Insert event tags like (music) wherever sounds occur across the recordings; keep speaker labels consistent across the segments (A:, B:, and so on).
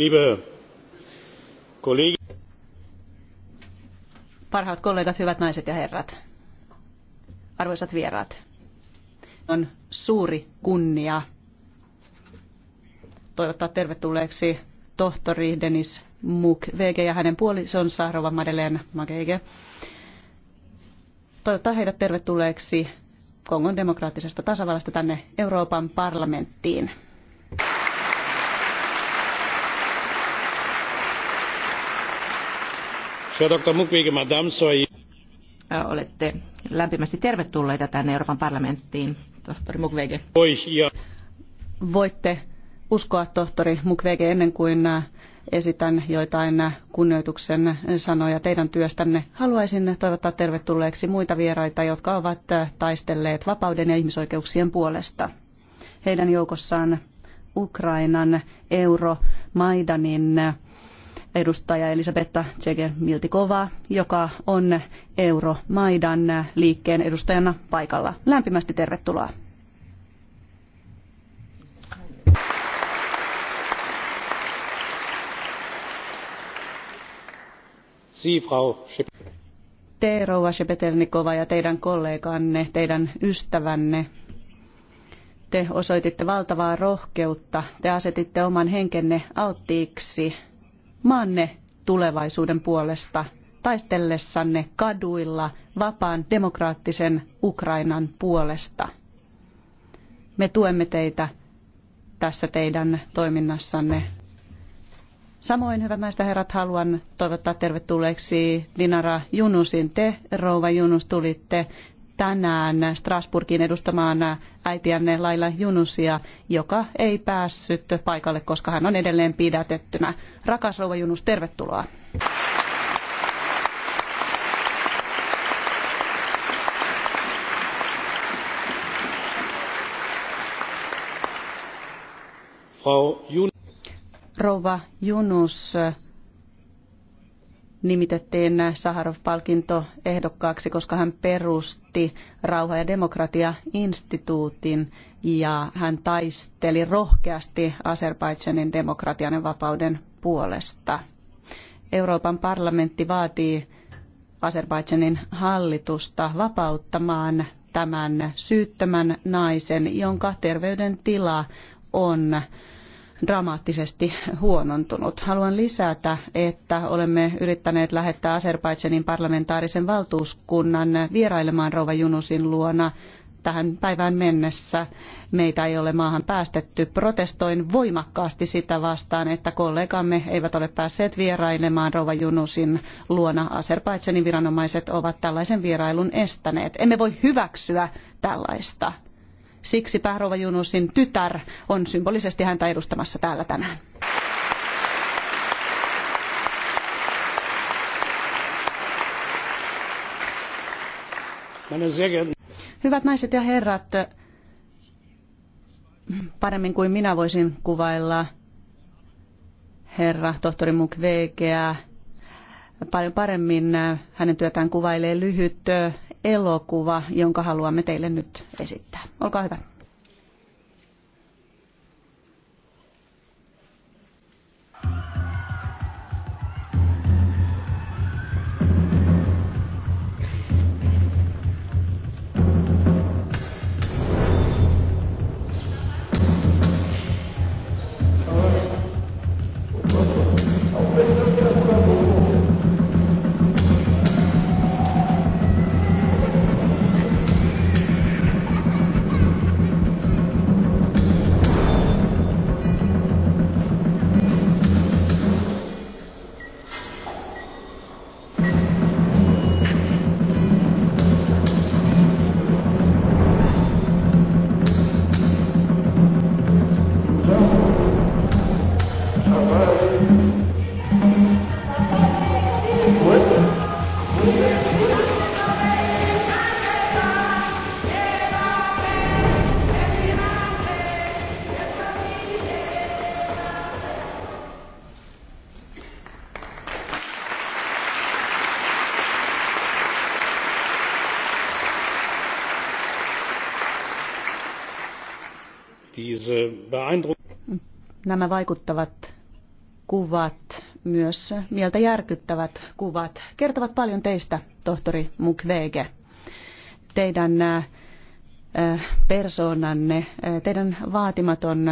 A: Liebe Kollegen. Parhaat kollegat, hyvät naiset ja herrat, arvoisat vieraat, on suuri kunnia toivottaa tervetulleeksi tohtori Denis Mukwege ja hänen puolisonsa Rova Madeleine Magege. Toivottaa heidät tervetulleeksi Kongon demokraattisesta tasavallasta tänne Euroopan parlamenttiin.
B: Olette lämpimästi tervetulleita tänne Euroopan parlamenttiin, tohtori Mukwege.
A: Voitte uskoa tohtori Mukwege ennen kuin äh, esitän joitain kunnioituksen sanoja teidän työstänne. Haluaisin toivottaa tervetulleeksi muita vieraita, jotka ovat äh, taistelleet vapauden ja ihmisoikeuksien puolesta. Heidän joukossaan Ukrainan, Euro, Maidanin äh, edustaja Elisabetta Tsege Miltikova, joka on Euromaidan liikkeen edustajana paikalla. Lämpimästi tervetuloa. Te, rouva Shepetelnikova ja teidän kolleganne, teidän ystävänne, te osoititte valtavaa rohkeutta. Te asetitte oman henkenne alttiiksi maanne tulevaisuuden puolesta taistellessanne kaduilla vapaan demokraattisen Ukrainan puolesta. Me tuemme teitä tässä teidän toiminnassanne. Samoin, hyvät naiset ja herrat, haluan toivottaa tervetulleeksi Dinara Junusin. Te, rouva Junus, tulitte tänään Strasburgin edustamaan äitiänne Laila Junusia, joka ei päässyt paikalle, koska hän on edelleen pidätettynä. Rakas rouva Junus, tervetuloa. Rouva Junus, nimitettiin Saharov-palkinto ehdokkaaksi, koska hän perusti rauha- ja demokratia-instituutin ja hän taisteli rohkeasti Azerbaidžanin demokratian ja vapauden puolesta. Euroopan parlamentti vaatii Azerbaidžanin hallitusta vapauttamaan tämän syyttömän naisen, jonka terveydentila on dramaattisesti huonontunut. Haluan lisätä, että olemme yrittäneet lähettää Azerbaidsenin parlamentaarisen valtuuskunnan vierailemaan Rouva Junusin luona tähän päivään mennessä. Meitä ei ole maahan päästetty. Protestoin voimakkaasti sitä vastaan, että kollegamme eivät ole päässeet vierailemaan Rova Junusin luona. Azerbaidsenin viranomaiset ovat tällaisen vierailun estäneet. Emme voi hyväksyä tällaista. Siksi Pahrova Junusin tytär on symbolisesti häntä edustamassa täällä tänään. Hyvät naiset ja herrat, paremmin kuin minä voisin kuvailla herra tohtori Mukwegeä, paljon paremmin. Äh, hänen työtään kuvailee lyhyt äh, elokuva, jonka haluamme teille nyt esittää. Olkaa hyvä. Äh, Nämä vaikuttavat kuvat, myös mieltä järkyttävät kuvat, kertovat paljon teistä, tohtori Mukwege. Teidän äh, persoonanne, äh, teidän vaatimaton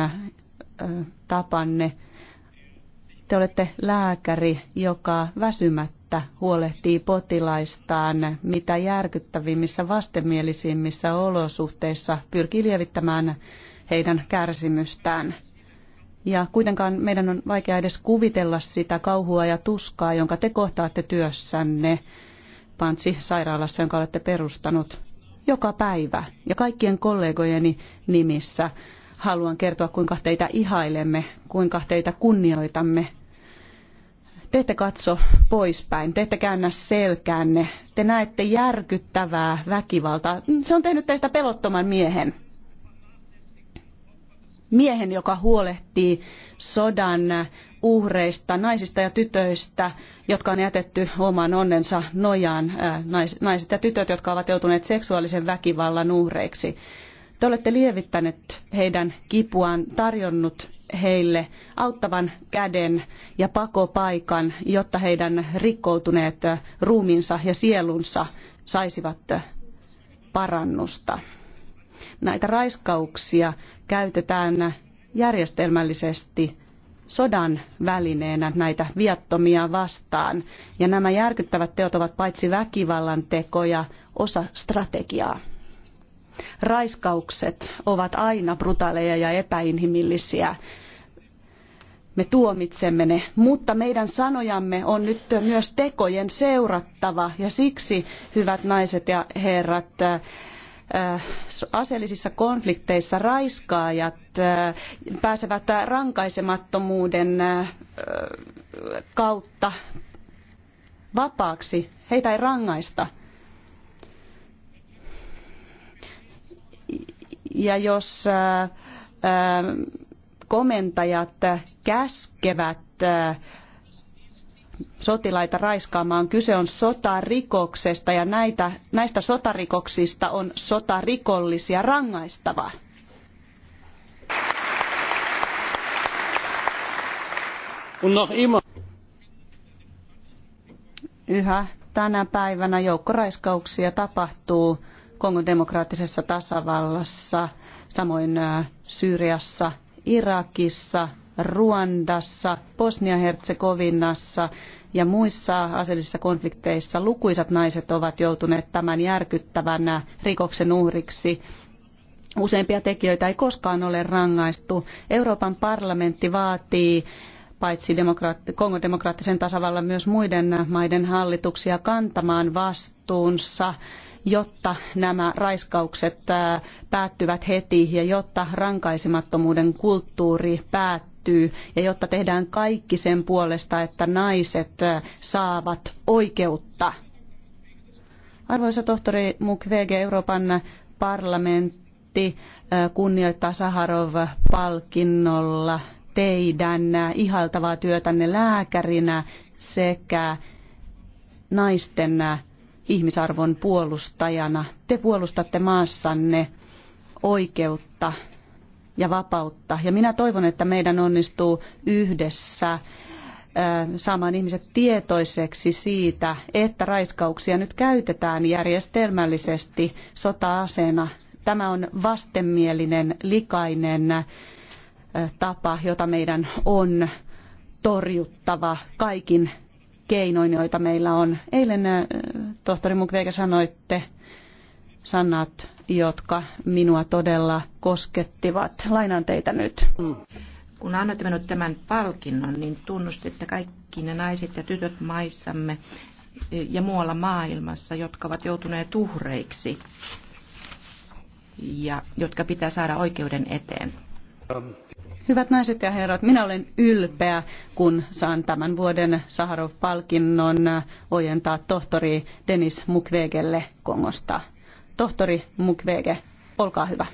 A: tapanne. Te olette lääkäri, joka väsymättä huolehtii potilaistaan, mitä järkyttävimmissä vastenmielisimmissä olosuhteissa pyrkii lievittämään heidän kärsimystään. Ja kuitenkaan meidän on vaikea edes kuvitella sitä kauhua ja tuskaa, jonka te kohtaatte työssänne, Pantsi sairaalassa, jonka olette perustanut, joka päivä. Ja kaikkien kollegojeni nimissä haluan kertoa, kuinka teitä ihailemme, kuinka teitä kunnioitamme. Te ette katso poispäin, te ette käännä selkäänne, te näette järkyttävää väkivaltaa. Se on tehnyt teistä pelottoman miehen miehen, joka huolehtii sodan uhreista, naisista ja tytöistä, jotka on jätetty oman onnensa nojaan, naiset ja tytöt, jotka ovat joutuneet seksuaalisen väkivallan uhreiksi. Te olette lievittäneet heidän kipuaan, tarjonnut heille auttavan käden ja pakopaikan, jotta heidän rikkoutuneet ruumiinsa ja sielunsa saisivat parannusta. Näitä raiskauksia käytetään järjestelmällisesti sodan välineenä näitä viattomia vastaan. Ja nämä järkyttävät teot ovat paitsi väkivallan tekoja, osa strategiaa. Raiskaukset ovat aina brutaaleja ja epäinhimillisiä. Me tuomitsemme ne, mutta meidän sanojamme on nyt myös tekojen seurattava ja siksi, hyvät naiset ja herrat, Äh, aseellisissa konflikteissa raiskaajat äh, pääsevät rankaisemattomuuden äh, kautta vapaaksi. Heitä ei rangaista. Ja jos komentajat käskevät sotilaita raiskaamaan. Kyse on sotarikoksesta ja näitä, näistä sotarikoksista on sotarikollisia rangaistava. Yhä tänä päivänä joukkoraiskauksia tapahtuu Kongon demokraattisessa tasavallassa, samoin Syyriassa, Irakissa, Ruandassa, Bosnia-Herzegovinassa ja muissa aseellisissa konflikteissa lukuisat naiset ovat joutuneet tämän järkyttävän rikoksen uhriksi. Useimpia tekijöitä ei koskaan ole rangaistu. Euroopan parlamentti vaatii paitsi demokraatti, Kongon demokraattisen tasavallan myös muiden maiden hallituksia kantamaan vastuunsa jotta nämä raiskaukset päättyvät heti ja jotta rankaisemattomuuden kulttuuri päättyy täyttyy ja jotta tehdään kaikki sen puolesta, että naiset saavat oikeutta. Arvoisa tohtori Mukwege, Euroopan parlamentti kunnioittaa Saharov-palkinnolla teidän ihaltavaa työtänne lääkärinä sekä naisten ihmisarvon puolustajana. Te puolustatte maassanne oikeutta ja vapautta. Ja minä toivon, että meidän onnistuu yhdessä saamaan ihmiset tietoiseksi siitä, että raiskauksia nyt käytetään järjestelmällisesti sota-aseena. Tämä on vastenmielinen, likainen tapa, jota meidän on torjuttava kaikin keinoin, joita meillä on. Eilen tohtori Mukwege sanoitte sanat jotka minua todella koskettivat. Lainaan teitä nyt. Kun annoitte minut tämän palkinnon, niin tunnustitte kaikki
B: ne naiset ja tytöt maissamme ja muualla maailmassa, jotka ovat joutuneet
A: uhreiksi ja jotka pitää saada oikeuden eteen. Hyvät naiset ja herrat, minä olen ylpeä, kun saan tämän vuoden Saharov-palkinnon ojentaa tohtori Denis Mukwegelle Kongosta tohtori Mukwege, olkaa hyvä.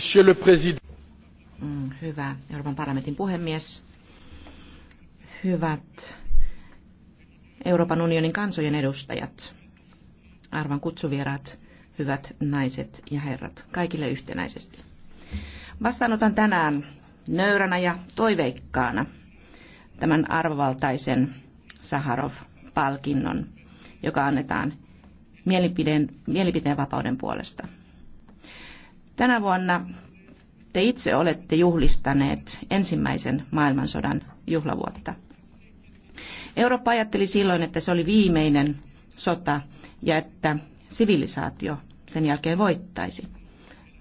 B: Monsieur le Président. Mm, hyvä Euroopan parlamentin puhemies. Hyvät Euroopan unionin kansojen edustajat, arvan kutsuvieraat, hyvät naiset ja herrat, kaikille yhtenäisesti. Vastaanotan tänään nöyränä ja toiveikkaana tämän arvovaltaisen Saharov-palkinnon, joka annetaan mielipiteen, mielipiteen vapauden puolesta – Tänä vuonna te itse olette juhlistaneet ensimmäisen maailmansodan juhlavuotta. Eurooppa ajatteli silloin, että se oli viimeinen sota ja että sivilisaatio sen jälkeen voittaisi.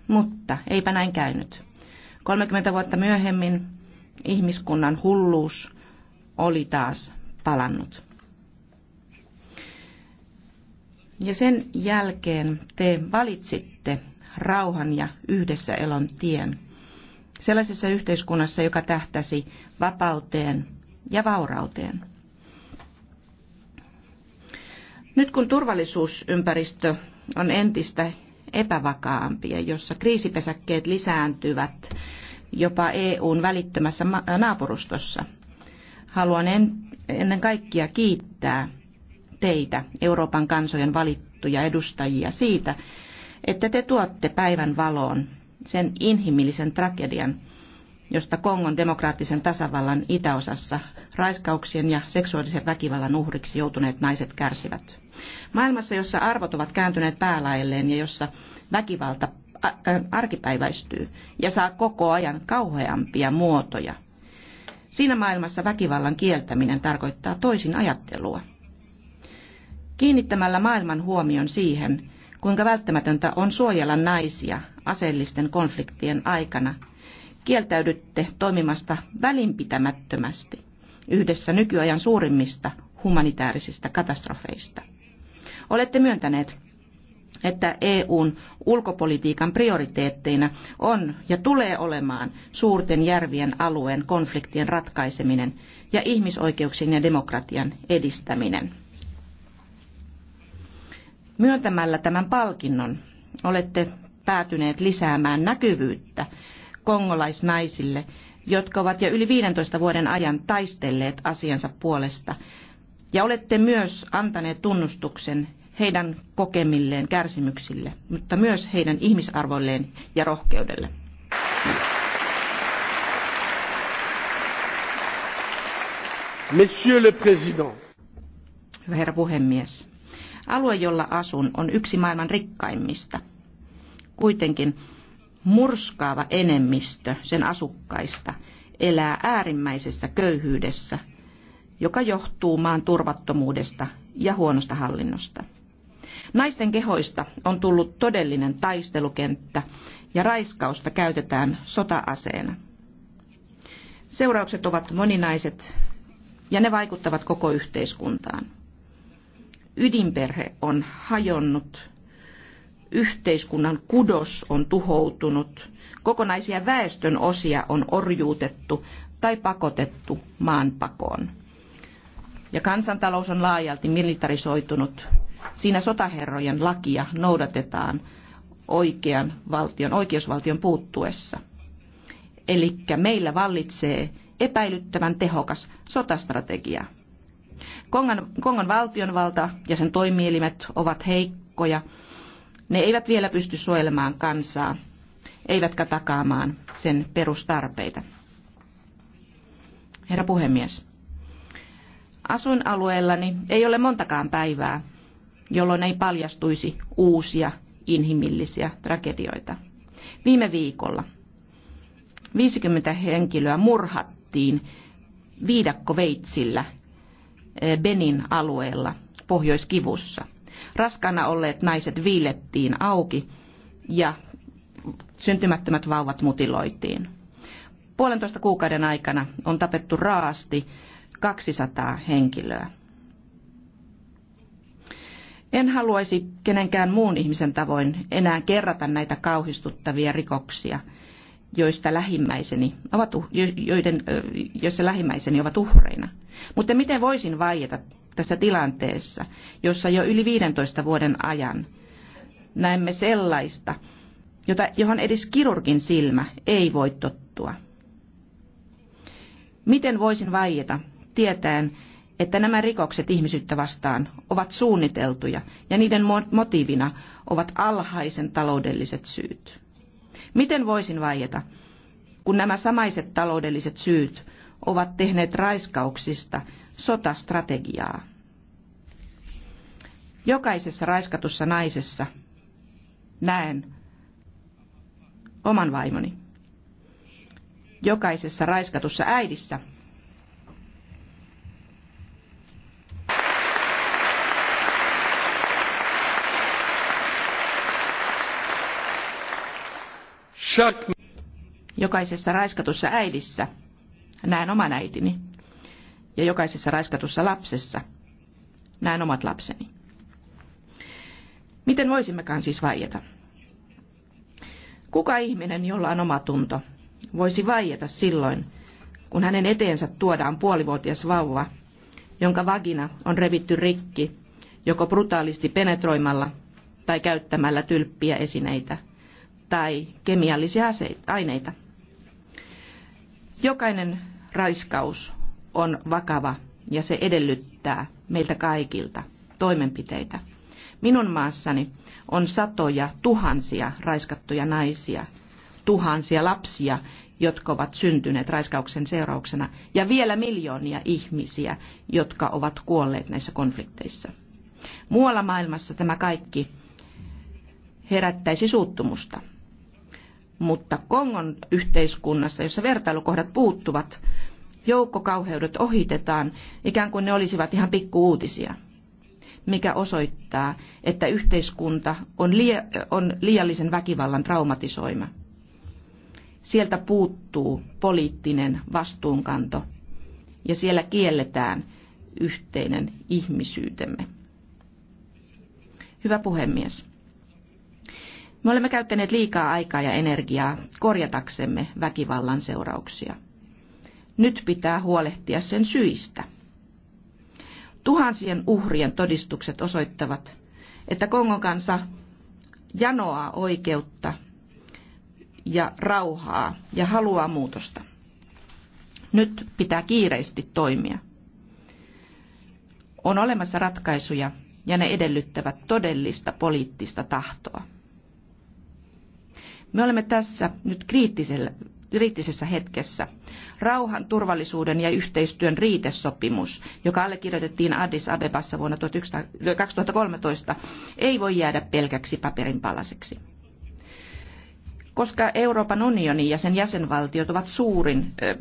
B: Mutta eipä näin käynyt. 30 vuotta myöhemmin ihmiskunnan hulluus oli taas palannut. Ja sen jälkeen te valitsitte rauhan ja yhdessä elon tien. Sellaisessa yhteiskunnassa, joka tähtäsi vapauteen ja vaurauteen. Nyt kun turvallisuusympäristö on entistä epävakaampia, jossa kriisipesäkkeet lisääntyvät jopa EUn välittömässä naapurustossa, haluan ennen kaikkea kiittää teitä, Euroopan kansojen valittuja edustajia, siitä, että te tuotte päivän valoon sen inhimillisen tragedian, josta Kongon demokraattisen tasavallan itäosassa raiskauksien ja seksuaalisen väkivallan uhriksi joutuneet naiset kärsivät. Maailmassa, jossa arvot ovat kääntyneet päälaelleen ja jossa väkivalta arkipäiväistyy ja saa koko ajan kauheampia muotoja. Siinä maailmassa väkivallan kieltäminen tarkoittaa toisin ajattelua. Kiinnittämällä maailman huomion siihen, kuinka välttämätöntä on suojella naisia aseellisten konfliktien aikana. Kieltäydytte toimimasta välinpitämättömästi yhdessä nykyajan suurimmista humanitaarisista katastrofeista. Olette myöntäneet, että EUn ulkopolitiikan prioriteetteina on ja tulee olemaan suurten järvien alueen konfliktien ratkaiseminen ja ihmisoikeuksien ja demokratian edistäminen. Myöntämällä tämän palkinnon olette päätyneet lisäämään näkyvyyttä kongolaisnaisille, jotka ovat jo yli 15 vuoden ajan taistelleet asiansa puolesta. Ja olette myös antaneet tunnustuksen heidän kokemilleen kärsimyksille, mutta myös heidän ihmisarvoilleen ja rohkeudelle. Monsieur le Président. Hyvä herra puhemies. Alue, jolla asun, on yksi maailman rikkaimmista. Kuitenkin murskaava enemmistö sen asukkaista elää äärimmäisessä köyhyydessä, joka johtuu maan turvattomuudesta ja huonosta hallinnosta. Naisten kehoista on tullut todellinen taistelukenttä ja raiskausta käytetään sota-aseena. Seuraukset ovat moninaiset ja ne vaikuttavat koko yhteiskuntaan ydinperhe on hajonnut, yhteiskunnan kudos on tuhoutunut, kokonaisia väestön osia on orjuutettu tai pakotettu maanpakoon. Ja kansantalous on laajalti militarisoitunut. Siinä sotaherrojen lakia noudatetaan oikean valtion, oikeusvaltion puuttuessa. Eli meillä vallitsee epäilyttävän tehokas sotastrategia – Kongan, Kongon valtionvalta ja sen toimielimet ovat heikkoja. Ne eivät vielä pysty suojelemaan kansaa, eivätkä takaamaan sen perustarpeita. Herra puhemies, asuinalueellani ei ole montakaan päivää, jolloin ei paljastuisi uusia inhimillisiä tragedioita. Viime viikolla 50 henkilöä murhattiin viidakkoveitsillä Eh, Benin alueella Pohjoiskivussa. Raskaana olleet naiset viilettiin auki ja syntymättömät vauvat mutiloitiin. Puolentoista kuukauden aikana on tapettu raasti 200 henkilöä. En haluaisi kenenkään muun ihmisen tavoin enää kerrata näitä kauhistuttavia rikoksia – joista lähimmäiseni ovat, uh, joiden, joissa lähimmäiseni ovat uhreina. Mutta miten voisin vaieta tässä tilanteessa, jossa jo yli 15 vuoden ajan näemme sellaista, jota, johon edes kirurgin silmä ei voi tottua? Miten voisin vaieta tietäen, että nämä rikokset ihmisyyttä vastaan ovat suunniteltuja ja niiden motiivina ovat alhaisen taloudelliset syyt? Miten voisin vaieta, kun nämä samaiset taloudelliset syyt ovat tehneet raiskauksista sotastrategiaa? Jokaisessa raiskatussa naisessa näen oman vaimoni. Jokaisessa raiskatussa äidissä Jokaisessa raiskatussa äidissä näen oman äitini ja jokaisessa raiskatussa lapsessa näen omat lapseni. Miten voisimmekaan siis vaieta? Kuka ihminen, jolla on oma tunto, voisi vaieta silloin, kun hänen eteensä tuodaan puolivuotias vauva, jonka vagina on revitty rikki joko brutaalisti penetroimalla tai käyttämällä tylppiä esineitä – tai kemiallisia aineita. Jokainen raiskaus on vakava ja se edellyttää meiltä kaikilta toimenpiteitä. Minun maassani on satoja tuhansia raiskattuja naisia, tuhansia lapsia, jotka ovat syntyneet raiskauksen seurauksena, ja vielä miljoonia ihmisiä, jotka ovat kuolleet näissä konflikteissa. Muualla maailmassa tämä kaikki herättäisi suuttumusta mutta Kongon yhteiskunnassa, jossa vertailukohdat puuttuvat, joukkokauheudet ohitetaan ikään kuin ne olisivat ihan pikkuuutisia, mikä osoittaa, että yhteiskunta on, lia- on liiallisen väkivallan traumatisoima. Sieltä puuttuu poliittinen vastuunkanto ja siellä kielletään yhteinen ihmisyytemme. Hyvä puhemies. Me olemme käyttäneet liikaa aikaa ja energiaa korjataksemme väkivallan seurauksia. Nyt pitää huolehtia sen syistä. Tuhansien uhrien todistukset osoittavat, että Kongon kansa janoaa oikeutta ja rauhaa ja haluaa muutosta. Nyt pitää kiireesti toimia. On olemassa ratkaisuja ja ne edellyttävät todellista poliittista tahtoa. Me olemme tässä nyt kriittisellä, kriittisessä hetkessä. Rauhan, turvallisuuden ja yhteistyön riitesopimus, joka allekirjoitettiin Addis Abebassa vuonna 2013, ei voi jäädä pelkäksi paperin palaseksi. Koska Euroopan unioni ja sen jäsenvaltiot ovat suurin eh,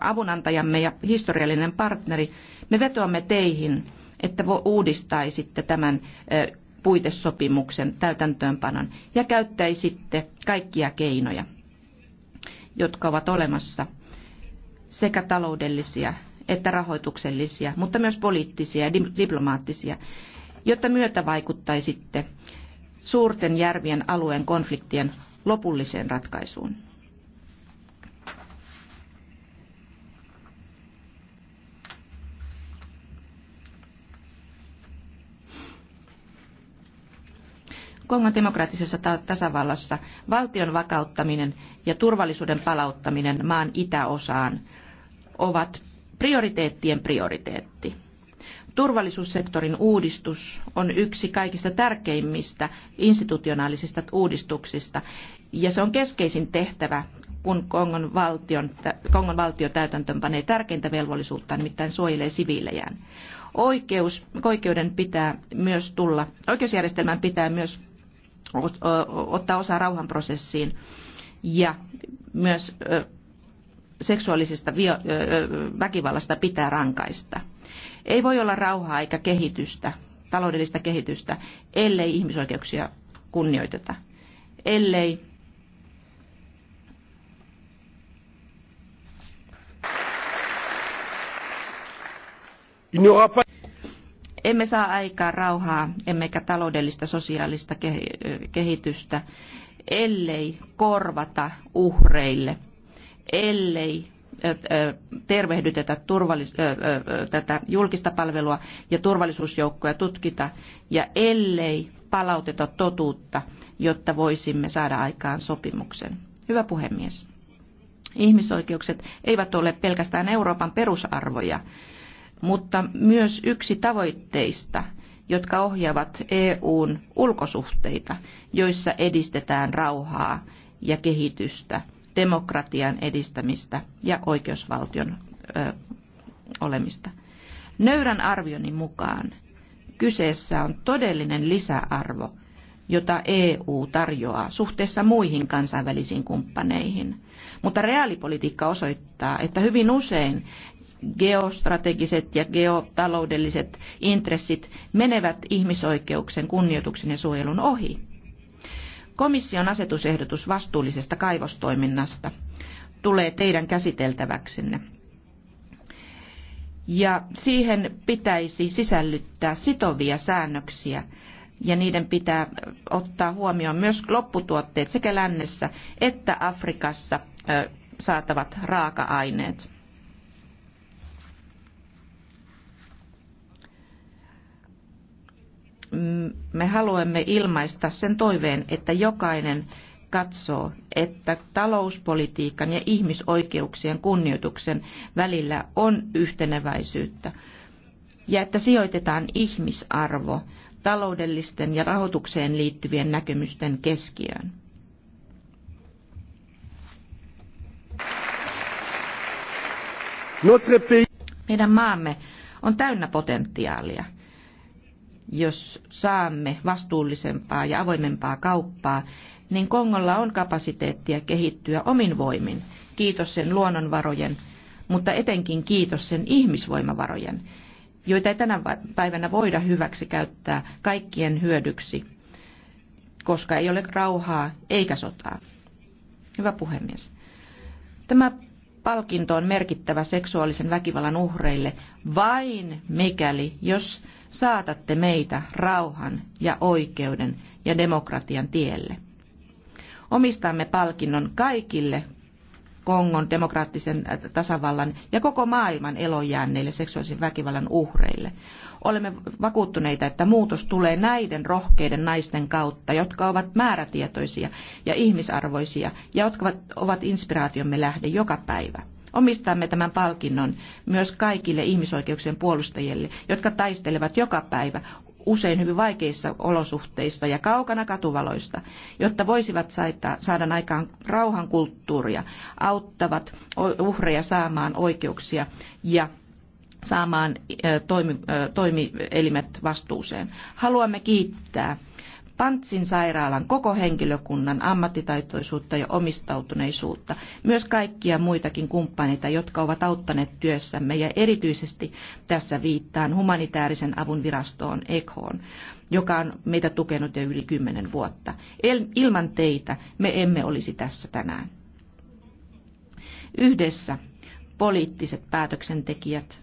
B: avunantajamme ja historiallinen partneri, me vetoamme teihin, että uudistaisitte tämän eh, puitesopimuksen täytäntöönpanon ja käyttäisitte kaikkia keinoja, jotka ovat olemassa, sekä taloudellisia että rahoituksellisia, mutta myös poliittisia ja diplomaattisia, jotta myötävaikuttaisitte suurten järvien alueen konfliktien lopulliseen ratkaisuun. Kongon demokraattisessa tasavallassa valtion vakauttaminen ja turvallisuuden palauttaminen maan itäosaan ovat prioriteettien prioriteetti. Turvallisuussektorin uudistus on yksi kaikista tärkeimmistä institutionaalisista uudistuksista ja se on keskeisin tehtävä, kun Kongon, valtion, Kongon valtio täytäntöönpanee tärkeintä velvollisuutta, nimittäin suojelee siviilejään. Oikeus, oikeuden pitää myös tulla, oikeusjärjestelmän pitää myös ottaa osaa rauhanprosessiin ja myös seksuaalisesta väkivallasta pitää rankaista. Ei voi olla rauhaa eikä kehitystä, taloudellista kehitystä, ellei ihmisoikeuksia kunnioiteta, ellei Il n'y aura pas emme saa aikaa rauhaa, emmekä taloudellista sosiaalista kehitystä, ellei korvata uhreille, ellei tervehdytetä tätä, tätä julkista palvelua ja turvallisuusjoukkoja tutkita, ja ellei palauteta totuutta, jotta voisimme saada aikaan sopimuksen. Hyvä puhemies. Ihmisoikeukset eivät ole pelkästään Euroopan perusarvoja, mutta myös yksi tavoitteista, jotka ohjaavat EUn ulkosuhteita, joissa edistetään rauhaa ja kehitystä, demokratian edistämistä ja oikeusvaltion ö, olemista. Nöyrän arvioni mukaan kyseessä on todellinen lisäarvo, jota EU tarjoaa suhteessa muihin kansainvälisiin kumppaneihin. Mutta reaalipolitiikka osoittaa, että hyvin usein geostrategiset ja geotaloudelliset intressit menevät ihmisoikeuksien kunnioituksen ja suojelun ohi. Komission asetusehdotus vastuullisesta kaivostoiminnasta tulee teidän käsiteltäväksenne. Ja siihen pitäisi sisällyttää sitovia säännöksiä ja niiden pitää ottaa huomioon myös lopputuotteet sekä lännessä että Afrikassa saatavat raaka-aineet. Mm, me haluamme ilmaista sen toiveen, että jokainen katsoo, että talouspolitiikan ja ihmisoikeuksien kunnioituksen välillä on yhteneväisyyttä ja että sijoitetaan ihmisarvo taloudellisten ja rahoitukseen liittyvien näkemysten keskiöön. Meidän maamme on täynnä potentiaalia – jos saamme vastuullisempaa ja avoimempaa kauppaa, niin Kongolla on kapasiteettia kehittyä omin voimin. Kiitos sen luonnonvarojen, mutta etenkin kiitos sen ihmisvoimavarojen, joita ei tänä päivänä voida hyväksi käyttää kaikkien hyödyksi, koska ei ole rauhaa eikä sotaa. Hyvä puhemies. Tämä palkinto on merkittävä seksuaalisen väkivallan uhreille vain mikäli, jos saatatte meitä rauhan ja oikeuden ja demokratian tielle. Omistamme palkinnon kaikille Kongon demokraattisen äh, tasavallan ja koko maailman elojäänneille seksuaalisen väkivallan uhreille. Olemme vakuuttuneita, että muutos tulee näiden rohkeiden naisten kautta, jotka ovat määrätietoisia ja ihmisarvoisia ja jotka ovat inspiraatiomme lähde joka päivä. Omistamme tämän palkinnon myös kaikille ihmisoikeuksien puolustajille, jotka taistelevat joka päivä usein hyvin vaikeissa olosuhteissa ja kaukana katuvaloista, jotta voisivat saada aikaan rauhan kulttuuria, auttavat uhreja saamaan oikeuksia ja saamaan toimi, toimielimet vastuuseen. Haluamme kiittää Pantsin sairaalan koko henkilökunnan ammattitaitoisuutta ja omistautuneisuutta, myös kaikkia muitakin kumppaneita, jotka ovat auttaneet työssämme ja erityisesti tässä viittaan humanitaarisen avun virastoon ECHOon, joka on meitä tukenut jo yli kymmenen vuotta. Ilman teitä me emme olisi tässä tänään. Yhdessä poliittiset päätöksentekijät,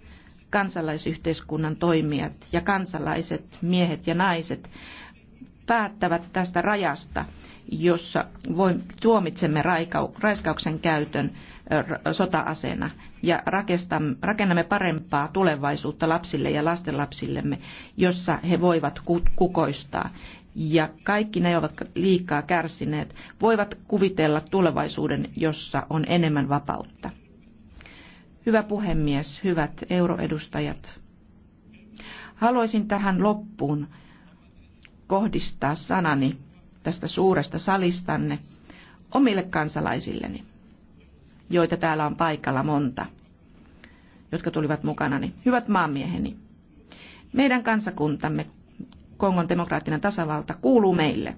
B: kansalaisyhteiskunnan toimijat ja kansalaiset, miehet ja naiset, päättävät tästä rajasta, jossa tuomitsemme raiskauksen käytön sota-aseena ja rakennamme parempaa tulevaisuutta lapsille ja lastenlapsillemme, jossa he voivat kukoistaa. Ja kaikki ne, jotka ovat liikaa kärsineet, voivat kuvitella tulevaisuuden, jossa on enemmän vapautta. Hyvä puhemies, hyvät euroedustajat. Haluaisin tähän loppuun kohdistaa sanani tästä suuresta salistanne omille kansalaisilleni, joita täällä on paikalla monta, jotka tulivat mukanani. Hyvät maamieheni, meidän kansakuntamme, Kongon demokraattinen tasavalta, kuuluu meille.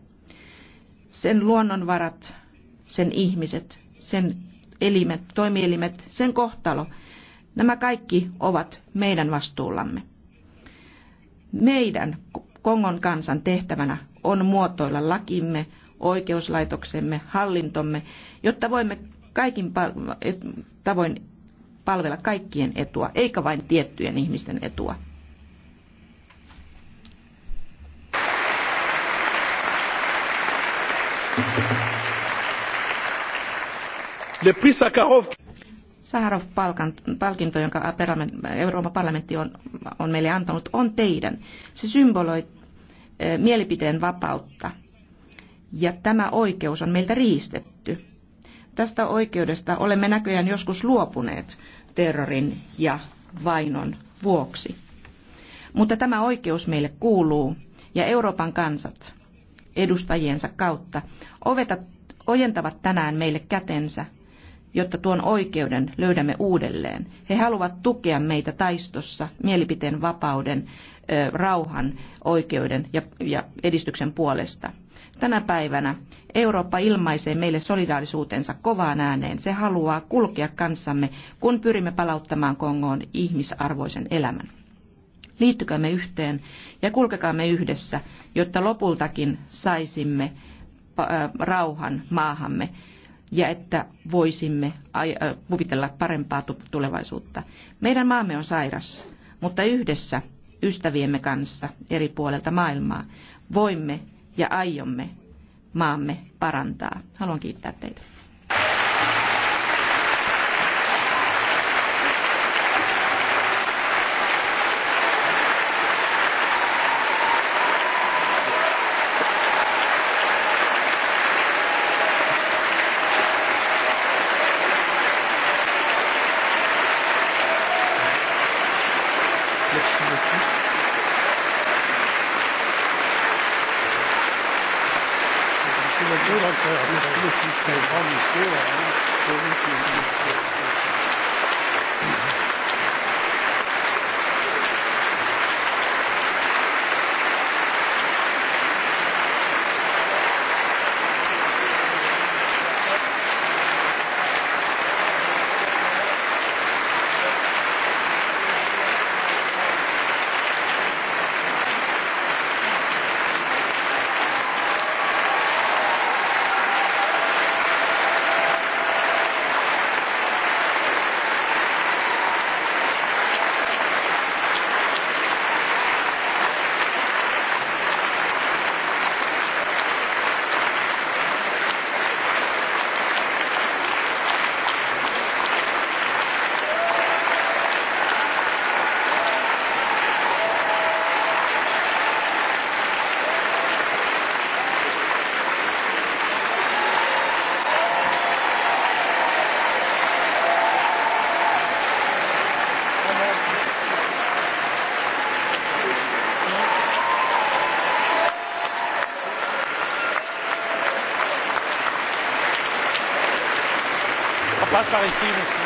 B: Sen luonnonvarat, sen ihmiset, sen elimet, toimielimet, sen kohtalo, nämä kaikki ovat meidän vastuullamme. Meidän Kongon kansan tehtävänä on muotoilla lakimme, oikeuslaitoksemme, hallintomme, jotta voimme kaikin tavoin palvella kaikkien etua, eikä vain tiettyjen ihmisten etua. Thank (laughs) you. Le prix Sakharov. Saharov-palkinto, jonka Euroopan parlamentti on, on meille antanut, on teidän. Se symboloi eh, mielipiteen vapautta. Ja tämä oikeus on meiltä riistetty. Tästä oikeudesta olemme näköjään joskus luopuneet terrorin ja vainon vuoksi. Mutta tämä oikeus meille kuuluu ja Euroopan kansat edustajiensa kautta oveta, ojentavat tänään meille kätensä jotta tuon oikeuden löydämme uudelleen. He haluavat tukea meitä taistossa mielipiteen vapauden, rauhan, oikeuden ja edistyksen puolesta. Tänä päivänä Eurooppa ilmaisee meille solidaarisuutensa kovaan ääneen. Se haluaa kulkea kanssamme, kun pyrimme palauttamaan Kongoon ihmisarvoisen elämän. Liittykäämme yhteen ja kulkekaamme yhdessä, jotta lopultakin saisimme rauhan maahamme ja että voisimme äh, kuvitella parempaa tulevaisuutta. Meidän maamme on sairas, mutta yhdessä ystäviemme kanssa eri puolelta maailmaa voimme ja aiomme maamme parantaa. Haluan kiittää teitä.
A: parricide.